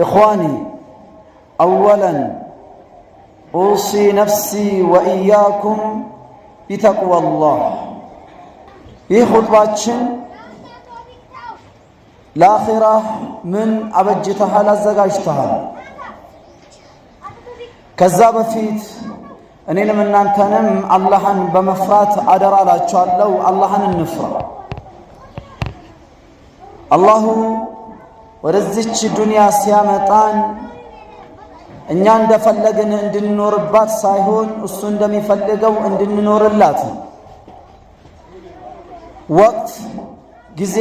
إخواني أولا أوصي نفسي وإياكم بتقوى الله ይህ ኹጥባችን ለአኼራ ምን አበጅተሃል አዘጋጅተሃል ከዛ በፊት እኔንም እናንተንም አላህን በመፍራት አደራ እላችኋለሁ አላህን እንፍራ አላሁ ወደዚች ዱንያ ሲያመጣን እኛ እንደፈለግን እንድንኖርባት ሳይሆን እሱ እንደሚፈልገው እንድንኖርላት ነው። ወቅት ጊዜ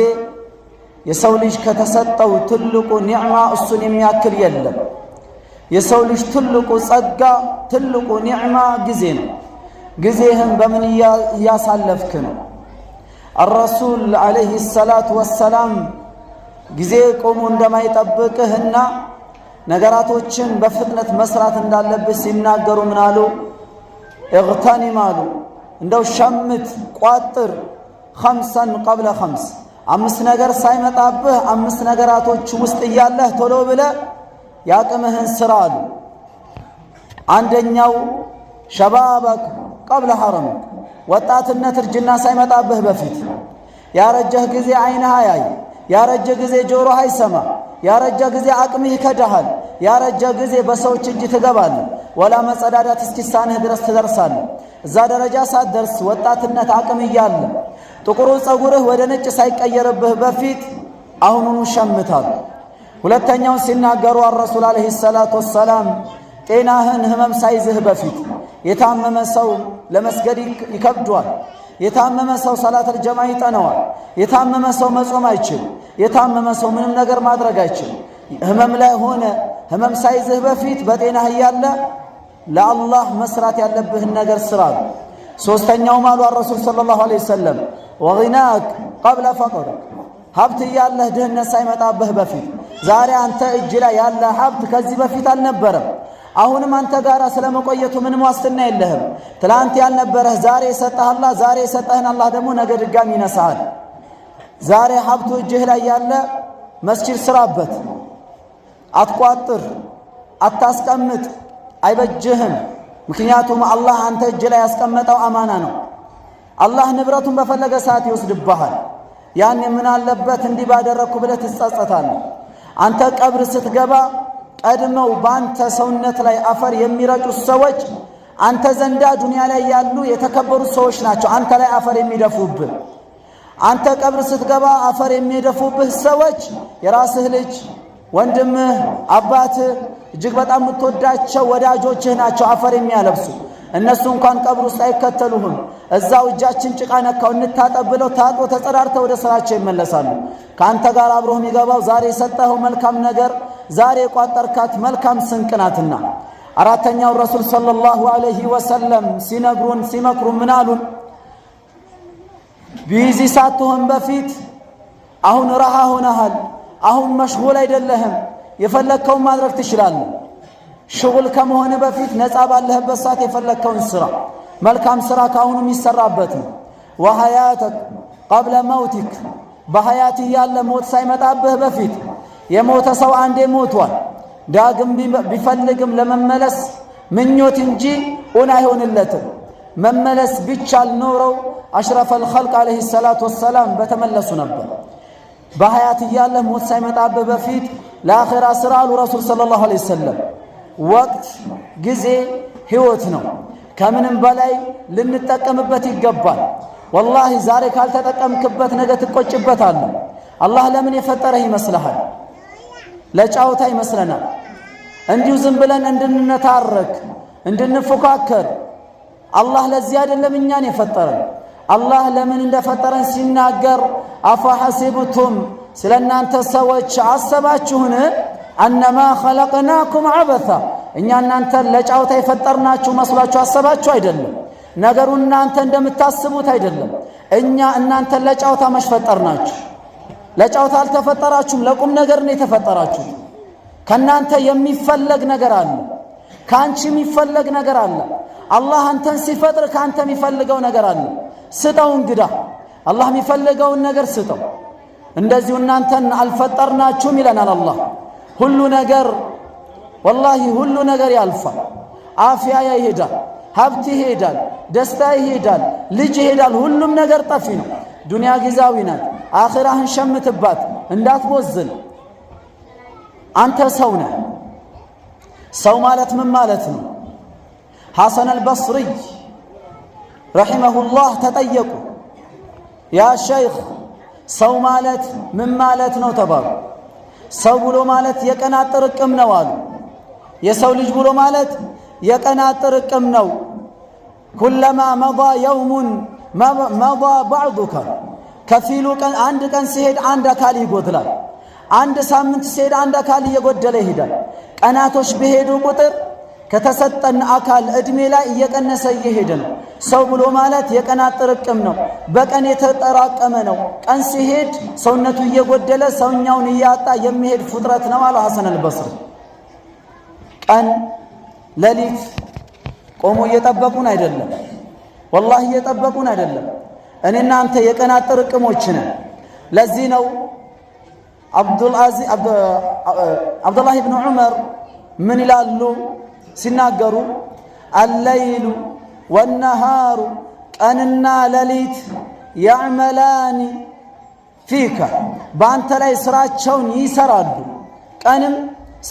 የሰው ልጅ ከተሰጠው ትልቁ ኒዕማ እሱን የሚያክል የለም። የሰው ልጅ ትልቁ ጸጋ፣ ትልቁ ኒዕማ ጊዜ ነው። ጊዜህን በምን እያሳለፍክ ነው? አረሱል ዓለይህ ሰላት ወሰላም ጊዜ ቆሞ እንደማይጠብቅህና ነገራቶችን በፍጥነት መስራት እንዳለብህ ሲናገሩ ምን አሉ? እግተኒም አሉ እንደው ሸምት ቋጥር፣ ኸምሰን ቀብለ ኸምስ አምስት ነገር ሳይመጣብህ አምስት ነገራቶች ውስጥ እያለህ ቶሎ ብለህ ያቅምህን ስራ አሉ። አንደኛው ሸባበክ ቀብለ ሐረምክ ወጣትነት እርጅና ሳይመጣብህ በፊት ያረጀህ ጊዜ አይንህ አያይ ያረጀ ጊዜ ጆሮ አይሰማ፣ ያረጀ ጊዜ አቅም ይከዳሃል፣ ያረጀ ጊዜ በሰዎች እጅ ትገባል። ወላ መጸዳዳት እስኪሳንህ ድረስ ትደርሳለህ። እዛ ደረጃ ሳትደርስ ወጣትነት አቅም እያለ ጥቁሩ ፀጉርህ ወደ ነጭ ሳይቀየርብህ በፊት አሁኑኑ ሸምታል። ሁለተኛውን ሲናገሩ አረሱል ዓለይሂ ሰላቱ ወሰላም ጤናህን ህመም ሳይዝህ በፊት የታመመ ሰው ለመስገድ ይከብዷል። የታመመ ሰው ሰላተል ጀማ ይጠነዋል። የታመመ ሰው መጾም አይችል። የታመመ ሰው ምንም ነገር ማድረግ አይችል። ህመም ላይ ሆነ ህመም ሳይዝህ በፊት በጤና እያለ ለአላህ መስራት ያለብህን ነገር ስራ ነው። ሦስተኛውም አሉ አረሱል ሰለላሁ ዐለይሂ ወሰለም ወግናክ ቀብለ ፈቅር፣ ሀብት እያለህ ድህነት ሳይመጣብህ በፊት ዛሬ አንተ እጅ ላይ ያለ ሀብት ከዚህ በፊት አልነበረም። አሁንም አንተ ጋር ስለመቆየቱ ምንም ዋስትና የለህም። ትላንት ያልነበረህ ዛሬ የሰጠህ አላህ ዛሬ የሰጠህን አላህ ደግሞ ነገ ድጋሚ ይነሳሃል። ዛሬ ሀብቱ እጅህ ላይ ያለ መስጂድ ስራበት፣ አትቋጥር፣ አታስቀምጥ፣ አይበጅህም። ምክንያቱም አላህ አንተ እጅ ላይ ያስቀመጠው አማና ነው። አላህ ንብረቱን በፈለገ ሰዓት ይወስድብሃል። ያን የምናለበት አለበት እንዲህ ባደረግኩ ብለህ ትጸጸታለህ። አንተ ቀብር ስትገባ ቀድመው በአንተ ሰውነት ላይ አፈር የሚረጩት ሰዎች አንተ ዘንዳ ዱንያ ላይ ያሉ የተከበሩት ሰዎች ናቸው። አንተ ላይ አፈር የሚደፉብህ አንተ ቀብር ስትገባ አፈር የሚደፉብህ ሰዎች የራስህ ልጅ፣ ወንድምህ፣ አባትህ እጅግ በጣም የምትወዳቸው ወዳጆችህ ናቸው አፈር የሚያለብሱ እነሱ እንኳን ቀብር ውስጥ አይከተሉህም። እዛው እጃችን ጭቃ ነካው እንታጠብ ብለው ታጥቦ ተጸዳድተው ወደ ስራቸው ይመለሳሉ። ከአንተ ጋር አብሮህ የሚገባው ዛሬ የሰጠኸው መልካም ነገር ዛሬ የቋጠርካት መልካም ስንቅ ናትና። አራተኛው ረሱል ሰለላሁ ዐለይሂ ወሰለም ሲነግሩን ሲመክሩ ምን አሉን? ቢዚ ሳትሆን በፊት አሁን ረሃ ሆነሃል፣ አሁን መሽጉል አይደለህም፣ የፈለግከውን ማድረግ ትችላለህ። ሽጉል ከመሆን በፊት ነፃ ባለህበት ሰዓት የፈለግከውን ስራ፣ መልካም ስራ ከአሁኑ የሚሰራበት ነው። ወሐያተክ ቀብለ መውቲክ በሀያት እያለ ሞት ሳይመጣብህ በፊት የሞተ ሰው አንዴ ሞቷል። ዳግም ቢፈልግም ለመመለስ ምኞት እንጂ እውን አይሆንለትም። መመለስ ቢቻል ኖረው አሽረፈል ኸልቅ ዓለይሂ ሰላቱ ወሰላም በተመለሱ ነበር። በሀያት እያለ ሞት ሳይመጣብህ በፊት ለአኼራ ስራ አሉ ረሱል ሰለላሁ ዓለይሂ ወሰለም። ወቅት ጊዜ ሕይወት ነው። ከምንም በላይ ልንጠቀምበት ይገባል። ወላሂ ዛሬ ካልተጠቀምክበት ነገ ትቆጭበታለህ። አላህ ለምን የፈጠረህ ይመስልሃል? ለጫወታ ይመስለናል። እንዲሁ ዝም ብለን እንድንነታረክ፣ እንድንፎካከር አላህ ለዚህ አይደለም እኛን የፈጠረን። አላህ ለምን እንደፈጠረን ሲናገር አፈሐሲብቱም ስለ እናንተ ሰዎች አሰባችሁን አነማ ኸለቅናኩም አበታ እኛ እናንተን ለጫወታ የፈጠርናችሁ መስሏችሁ አሰባችሁ አይደለም። ነገሩ እናንተ እንደምታስቡት አይደለም። እኛ እናንተን ለጫወታ መሽፈጠርናችሁ ለጨዋታ አልተፈጠራችሁም፣ ለቁም ነገር ነው የተፈጠራችሁ። ከናንተ የሚፈለግ ነገር አለ፣ ከአንቺ የሚፈለግ ነገር አለ። አላህ አንተን ሲፈጥር ከአንተ የሚፈልገው ነገር አለ። ስጠው እንግዳ፣ አላህ የሚፈልገውን ነገር ስጠው። እንደዚሁ እናንተን አልፈጠርናችሁም ይለናል አላህ። ሁሉ ነገር ወላሂ ሁሉ ነገር ያልፋል። አፍያ ይሄዳል፣ ሀብት ይሄዳል፣ ደስታ ይሄዳል፣ ልጅ ይሄዳል። ሁሉም ነገር ጠፊ ነው። ዱንያ ጊዜያዊ ናት። አኽራህን ሸምትባት እንዳትቦዝን። አንተ ሰው ነህ። ሰው ማለት ምን ማለት ነው? ሐሰን አልበስሪይ ረሒመሁላህ ተጠየቁ፣ ያ ሸይኽ ሰው ማለት ምን ማለት ነው ተባሉ። ሰው ብሎ ማለት የቀናት ጥርቅም ነው አሉ። የሰው ልጅ ብሎ ማለት የቀናት ጥርቅም ነው። ኩለማ መዳ የውሙን መባ ባዕዱ ከፊሉ ቀን አንድ ቀን ሲሄድ አንድ አካል ይጎድላል። አንድ ሳምንት ሲሄድ አንድ አካል እየጎደለ ይሄዳል። ቀናቶች በሄዱ ቁጥር ከተሰጠን አካል እድሜ ላይ እየቀነሰ እየሄደ ነው። ሰው ብሎ ማለት የቀናት ጥርቅም ነው። በቀን የተጠራቀመ ነው። ቀን ሲሄድ ሰውነቱ እየጎደለ ሰውኛውን እያጣ የሚሄድ ፍጥረት ነው አለ ሐሰን አልበስሪ። ቀን ሌሊት ቆሞ እየጠበቁን አይደለም ወላህ እየጠበቁን አይደለም። እኔና አንተ የቀናት ጥርቅሞች ነን። ለዚህ ነው አብዱላህ ብን ዑመር ምን ይላሉ ሲናገሩ አለይሉ ወነሃሩ ቀንና ሌሊት ያዕመላኒ ፊከ በአንተ ላይ ስራቸውን ይሰራሉ። ቀንም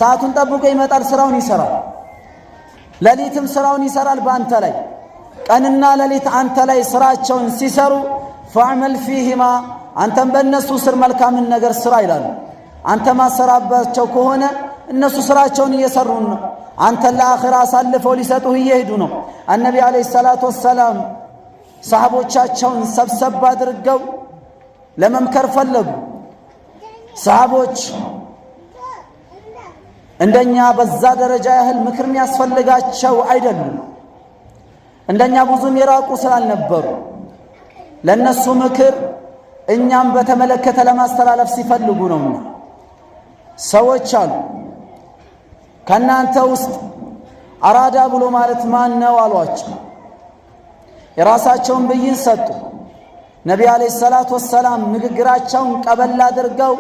ሰዓቱን ጠብቆ ይመጣል፣ ስራውን ይሰራል። ሌሊትም ስራውን ይሰራል በአንተ ላይ ቀንና ሌሊት አንተ ላይ ስራቸውን ሲሰሩ ፈዕመል ፊህማ አንተም በእነሱ ስር መልካምን ነገር ስራ ይላሉ። አንተ ማሰራባቸው ከሆነ እነሱ ስራቸውን እየሰሩን ነው። አንተን ለአኺራ አሳልፈው ሊሰጡህ እየሄዱ ነው። አነቢ ዓለይሂ ሰላቱ ወሰላም ሰሃቦቻቸውን ሰብሰብ አድርገው ለመምከር ፈለጉ። ሰሃቦች እንደኛ በዛ ደረጃ ያህል ምክር የሚያስፈልጋቸው አይደሉም። እንደኛ ብዙም የራቁ ስላልነበሩ ለእነሱ ምክር እኛም በተመለከተ ለማስተላለፍ ሲፈልጉ ነውና ሰዎች አሉ። ከእናንተ ውስጥ አራዳ ብሎ ማለት ማን ነው አሏቸው። የራሳቸውን ብይን ሰጡ። ነቢዩ ዓለይሂ ሰላቱ ወሰላም ንግግራቸውን ቀበል አድርገው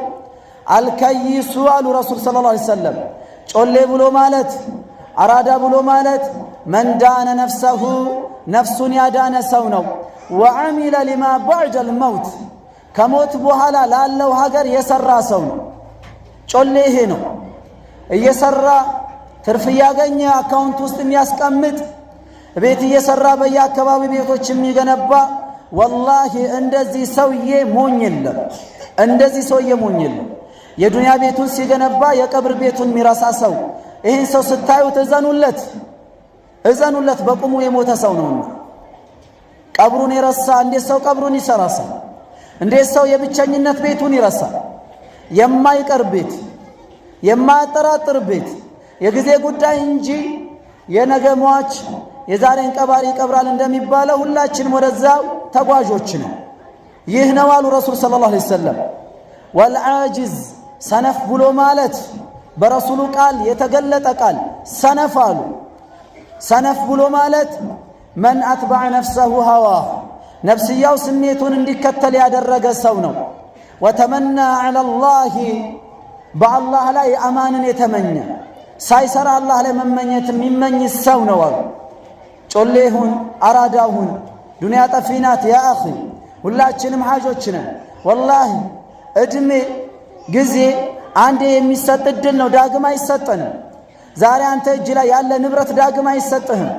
አልከይሱ አሉ። ረሱል ሰለላሁ ዓለይሂ ወሰለም ጮሌ ብሎ ማለት አራዳ ብሎ ማለት መን ዳነ ነፍሰሁ ነፍሱን ያዳነ ሰው ነው። ወዐሚለ ሊማ ባዕደል መውት ከሞት በኋላ ላለው ሀገር የሰራ ሰው ነው። ጮሌ ይሄ ነው። እየሰራ ትርፍ እያገኘ አካውንት ውስጥ የሚያስቀምጥ ቤት እየሰራ በየአካባቢ ቤቶች የሚገነባ ወላሂ እንደዚህ ሰውዬ ሞኝ የለም። እንደዚህ ሰውዬ ሞኝ የለም። የዱንያ ቤቱን ሲገነባ የቀብር ቤቱን የሚረሳ ሰው፣ ይህን ሰው ስታዩ ትዘኑለት። እዘኑለት በቁሙ የሞተ ሰው ነው። ቀብሩን የረሳ እንዴት ሰው ቀብሩን ይሰራሳል? እንዴት ሰው የብቸኝነት ቤቱን ይረሳል? የማይቀር ቤት፣ የማያጠራጥር ቤት፣ የጊዜ ጉዳይ እንጂ የነገ ሟች የዛሬን ቀባሪ ይቀብራል እንደሚባለው ሁላችንም ወደዛው ተጓዦች ነው። ይህ ነው አሉ ረሱል ሰለላሁ ዐለይሂ ወሰለም። ወልዓጅዝ ሰነፍ ብሎ ማለት በረሱሉ ቃል የተገለጠ ቃል ሰነፍ አሉ ሰነፍ ብሎ ማለት መን አትበዐ ነፍሰሁ ሀዋ ነፍስያው ስሜቱን እንዲከተል ያደረገ ሰው ነው። ወተመና ዐለላሂ በአላህ ላይ አማንን የተመኘ ሳይሰራ አላህ ላይ መመኘት የሚመኝ ሰው ነው አሉ። ጮሌ ሁን ዱንያ ጠፊ ያ አኺ ሁላችንም ሓጆች ነን። ወላሂ ዕድሜ ጊዜ አንዴ የሚሰጥ እድል ነው፣ ዳግም አይሰጠንም። ዛሬ አንተ እጅ ላይ ያለ ንብረት ዳግም አይሰጥህም።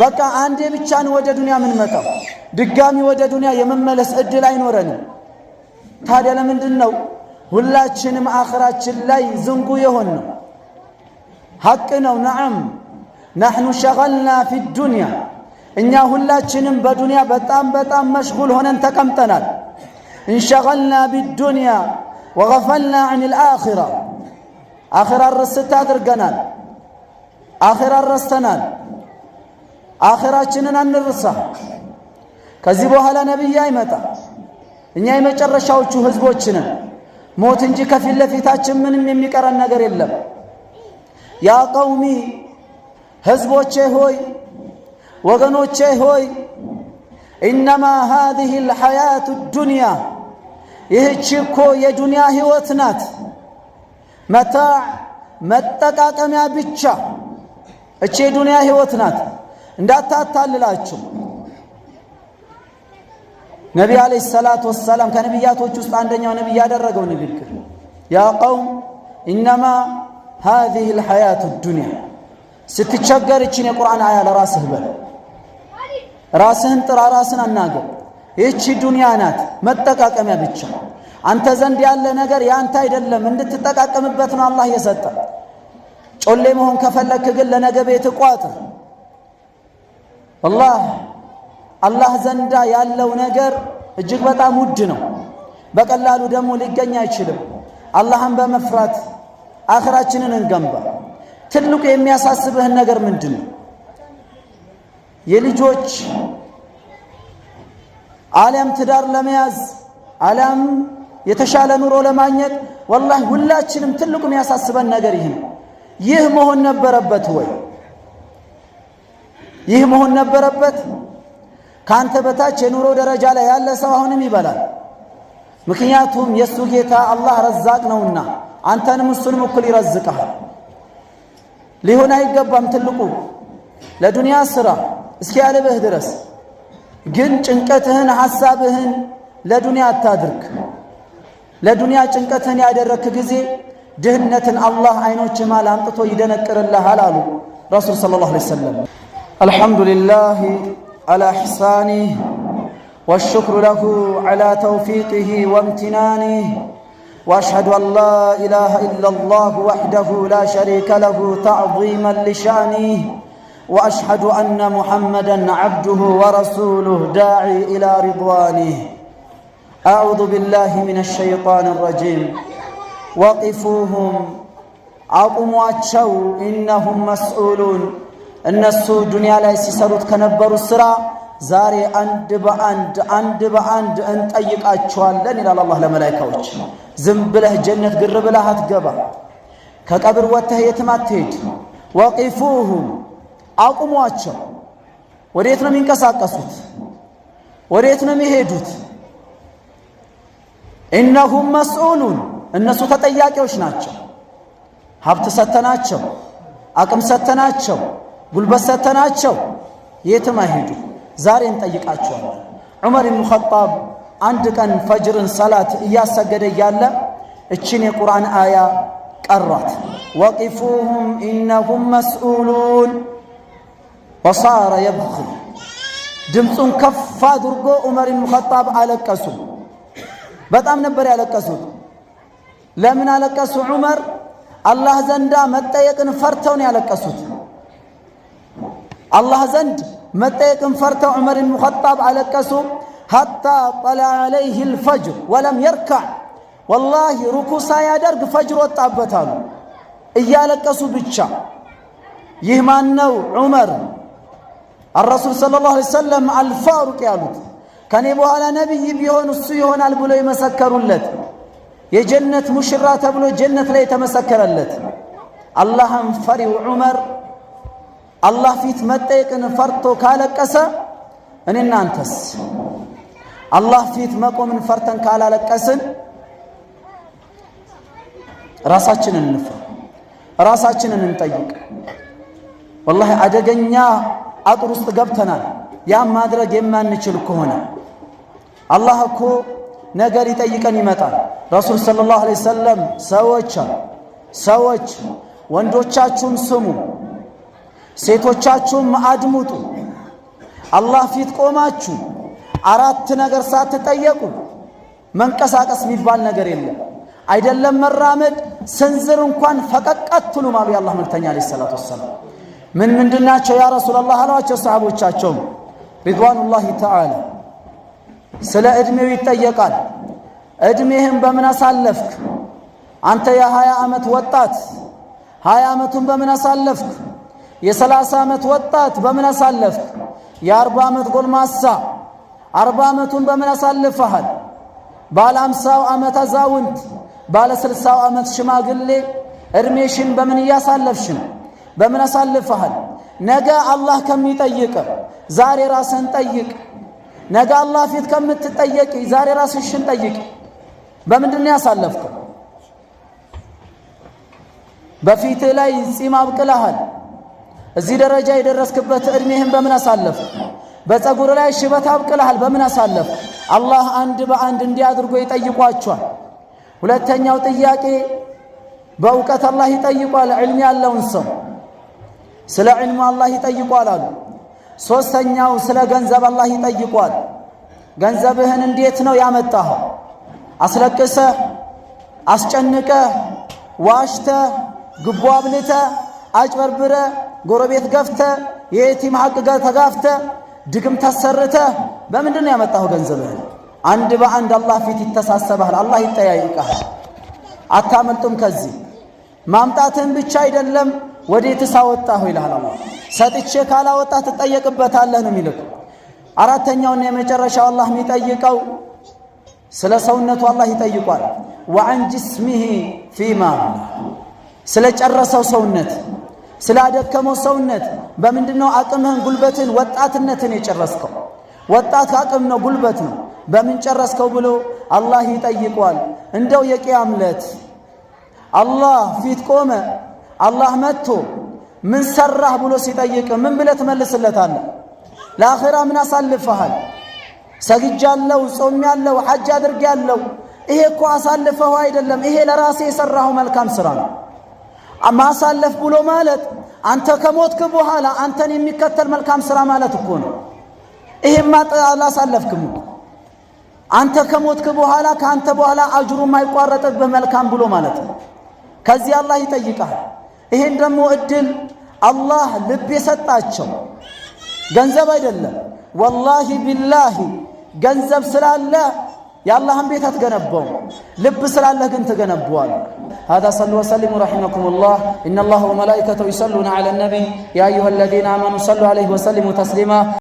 በቃ አንዴ ብቻን ወደ ዱንያ የምንመጣው ድጋሚ ወደ ዱንያ የመመለስ እድል አይኖረንም። ታዲያ ለምንድን ነው ሁላችንም አኽራችን ላይ ዝንጉ የሆን ነው? ሐቅ ነው። ነዓም ናሕኑ ሸቀልና ፊ ዱንያ፣ እኛ ሁላችንም በዱንያ በጣም በጣም መሽጉል ሆነን ተቀምጠናል። እንሸቀልና ቢዱንያ ወገፈልና ዐን ልአኺራ አኽራን ርስት አድርገናል። አኼራ ረስተናል። አኼራችንን አንርሳ። ከዚህ በኋላ ነቢይ አይመጣ። እኛ የመጨረሻዎቹ ህዝቦችንን ሞት እንጂ ከፊት ለፊታችን ምንም የሚቀረን ነገር የለም። ያ ቀውሚ ህዝቦቼ ሆይ ወገኖቼ ሆይ ኢነማ ሃዚህ ልሐያቱ ዱንያ ይህች እኮ የዱንያ ህይወት ናት፣ መታዕ መጠቃቀሚያ ብቻ እቺ የዱንያ ህይወት ናት፣ እንዳታታልላችሁ። ነቢ አለይሂ ሰላቱ ወሰላም ከነቢያቶች ውስጥ አንደኛው ነቢይ ያደረገው ንግግር ያ ቀውም ኢነማ ሃዚህ ልሐያቱ ዱንያ። ስትቸገር እችን የቁርአን አያ ለራስህ በል፣ ራስህን ጥራ፣ ራስን አናገር። ይህቺ ዱንያ ናት መጠቃቀሚያ ብቻ። አንተ ዘንድ ያለ ነገር የአንተ አይደለም፣ እንድትጠቃቀምበት ነው አላህ የሰጠ ጮሌ መሆን ከፈለክ ግን ለነገ ቤት ቋጥር። ወላህ አላህ ዘንዳ ያለው ነገር እጅግ በጣም ውድ ነው። በቀላሉ ደግሞ ሊገኝ አይችልም። አላህን በመፍራት አኽራችንን እንገንባ። ትልቁ የሚያሳስብህን ነገር ምንድን ነው? የልጆች አሊያም ትዳር ለመያዝ አሊያም የተሻለ ኑሮ ለማግኘት ወላሂ ሁላችንም ትልቁ የሚያሳስበን ነገር ይህ ነው። ይህ መሆን ነበረበት ወይ? ይህ መሆን ነበረበት? ከአንተ በታች የኑሮ ደረጃ ላይ ያለ ሰው አሁንም ይበላል። ምክንያቱም የእሱ ጌታ አላህ ረዛቅ ነውና አንተንም እሱንም እኩል ይረዝቀሃል። ሊሆን አይገባም። ትልቁ ለዱንያ ስራ እስኪ ያልብህ ድረስ ግን ጭንቀትህን ሐሳብህን ለዱንያ አታድርግ። ለዱንያ ጭንቀትህን ያደረክ ጊዜ ድህነትን አላህ አይኖች ማል አምጥቶ ይደነቅርልሃል አሉ ረሱል عليه وسلم الحمد አልሐምዱሊላህ አላ ኢሕሳኒህ والشكر له على توفيقه وامتنانه واشهد ان لا اله الا الله وحده لا شريك له تعظيما لشانه واشهد ان محمدا عبده ورسوله داعي الى رضوانه اعوذ بالله من الشيطان الرجيم ወቂፉሁም አቁሟቸው፣ ኢነሁም መስዑሉን እነሱ ዱንያ ላይ ሲሰሩት ከነበሩት ስራ ዛሬ አንድ በአንድ አንድ በአንድ እንጠይቃቸዋለን ይላል አላህ ለመላይካዎች። ዝም ብለህ ጀነት ግር ብለህ አትገባ። ከቀብር ወጥተህ የትም አትሄድ። ወቂፉሁም አቁሟቸው። ወዴት ነው የሚንቀሳቀሱት? ወዴት ነው የሚሄዱት? ኢነሁም መስዑሉን እነሱ ተጠያቂዎች ናቸው። ሀብት ሰተናቸው፣ አቅም ሰተናቸው፣ ጉልበት ሰተናቸው የትም አይሄዱ። ዛሬ እንጠይቃቸዋለን። ዑመር ብኑ ኸጣብ አንድ ቀን ፈጅርን ሰላት እያሰገደ እያለ እችን የቁርአን አያ ቀሯት። ወቂፉሁም ኢነሁም መስኡሉን ወሳረ የብኪ ድምፁን ከፍ አድርጎ ዑመር ብኑ ኸጣብ አለቀሱ። በጣም ነበር ያለቀሱት። ለምን አለቀሱ? ዑመር አላህ ዘንዳ መጠየቅን ፈርተው ነው ያለቀሱት። አላህ ዘንድ መጠየቅን ፈርተው ዑመር ብኑ ኸጣብ አለቀሱ። ሐታ ጠላ ዓለይህ ልፈጅር ወለም የርካዕ ወላሂ ሩኩ ሳያደርግ ፈጅር ወጣበታሉ እያለቀሱ ብቻ። ይህ ማነው? ዑመር አረሱል ሰለላሁ ዐለይሂ ወሰለም አልፋሩቅ ያሉት ከኔ በኋላ ነቢይ ቢሆን እሱ ይሆናል ብሎ የመሰከሩለት የጀነት ሙሽራ ተብሎ ጀነት ላይ የተመሰከረለት አላህን ፈሪው ዑመር አላህ ፊት መጠየቅን ፈርቶ ካለቀሰ እኔ እናንተስ አላህ ፊት መቆምን ፈርተን ካላለቀስን ራሳችንን እንፍራ፣ ራሳችንን እንጠይቅ። ወላሂ አደገኛ አጥር ውስጥ ገብተናል። ያም ማድረግ የማንችል ከሆነ አላህ እኮ ነገ ሊጠይቀን ይመጣል። ረሱል ሰለላሁ ዐለይሂ ወሰለም ሰዎች ሰዎች ወንዶቻችሁም ስሙ፣ ሴቶቻችሁም አድምጡ። አላህ ፊት ቆማችሁ አራት ነገር ሳትጠየቁ መንቀሳቀስ የሚባል ነገር የለም። አይደለም መራመድ፣ ስንዝር እንኳን ፈቀቅ አትሉም አሉ የአላህ መልክተኛ ዐለይሂ ሰላቱ ወሰላም። ምን ምንድናቸው ያ ረሱላላህ አሏቸው ሰሃቦቻቸውም ሪድዋኑላሂ ተዓላ ስለ ዕድሜው ይጠየቃል። እድሜህን በምን አሳለፍክ? አንተ የሀያ ዓመት ወጣት ሀያ ዓመቱን በምን አሳለፍክ? የሰላሳ ዓመት ወጣት በምን አሳለፍክ? የአርባ ዓመት ጎልማሳ አርባ ዓመቱን በምን አሳልፈሃል? ባለ አምሳው ዓመት አዛውንት፣ ባለ ስልሳው ዓመት ሽማግሌ እድሜሽን በምን እያሳለፍሽ ነው? በምን አሳልፈሃል? ነገ አላህ ከሚጠይቅ ዛሬ ራስን ጠይቅ። ነገ አላህ ፊት ከምትጠየቂ ዛሬ ራስሽን ጠይቅ። በምንድን ነው ያሳለፍከው? በፊትህ ላይ ፂም አብቅለሃል። እዚህ ደረጃ የደረስክበት ዕድሜህን በምን አሳለፍ? በፀጉር ላይ ሽበት አብቅለሃል። በምን አሳለፍ አላህ አንድ በአንድ እንዲህ አድርጎ ይጠይቋቸዋል። ሁለተኛው ጥያቄ በእውቀት አላህ ይጠይቋል። ዕልም ያለውን ሰው ስለ ዕልሙ አላህ ይጠይቋል አሉ። ሦስተኛው ስለ ገንዘብ አላህ ይጠይቋል። ገንዘብህን እንዴት ነው ያመጣኸው? አስለቅሰ፣ አስጨንቀ፣ ዋሽተ፣ ግቦ አብልተ፣ አጭበርብረ፣ ጎረቤት ገፍተ፣ የየቲም ሀቅ ጋር ተጋፍተ፣ ድግም ተሰርተ በምንድን ነው ያመጣኸው ገንዘብህን? አንድ በአንድ አላህ ፊት ይተሳሰብሃል። አላህ ይጠያይቃል። አታመልጡም። ከዚህ ማምጣትህን ብቻ አይደለም ወዴትስ አወጣሁ ይልሃል አላህ። ሰጥቼ ካላወጣህ ትጠየቅበታለህ ነው የሚልህ። አራተኛውና የመጨረሻው አላህ የሚጠይቀው ስለ ሰውነቱ አላህ ይጠይቋል። ወአን ጅስሚሂ ፊማ ስለ ጨረሰው ሰውነት ስላደከመው ሰውነት በምንድን ነው አቅምህን፣ ጉልበትን፣ ወጣትነትን የጨረስከው? ወጣት አቅም ነው ጉልበት ነው በምን ጨረስከው ብሎ አላህ ይጠይቋል። እንደው የቂያም ዕለት አላህ ፊት ቆመ አላህ መጥቶ ምን ሰራህ ብሎ ሲጠይቅ ምን ብለህ ትመልስለታለህ? ለአኼራ ምን አሳልፈሃል? ሰግጃለሁ፣ ጾሜያለሁ፣ ሐጅ አድርጌያለሁ። ይሄ እኮ አሳልፈው አይደለም፣ ይሄ ለራሴ የሰራሁ መልካም ስራ ነው። ማሳለፍ ብሎ ማለት አንተ ከሞትክ በኋላ አንተን የሚከተል መልካም ስራ ማለት እኮ ነው። ይሄማ አላሳለፍክም እኮ አንተ ከሞትክ በኋላ ከአንተ በኋላ አጅሩ የማይቋረጥብህ መልካም ብሎ ማለት ነው። ከዚህ አላህ ይጠይቃል። ይሄን ደግሞ እድል አላህ ልብ የሰጣቸው ገንዘብ አይደለም ወላሂ ቢላሂ ገንዘብ ስላለ የአላህን ቤት አትገነባው። ልብ ስላለህ ግን ትገነባዋል። هذا صلوا وسلموا رحمكم الله إن الله وملائكته يصلون على النبي يا أيها الذين آمنوا صلوا عليه وسلموا تسليما